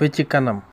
ba kanam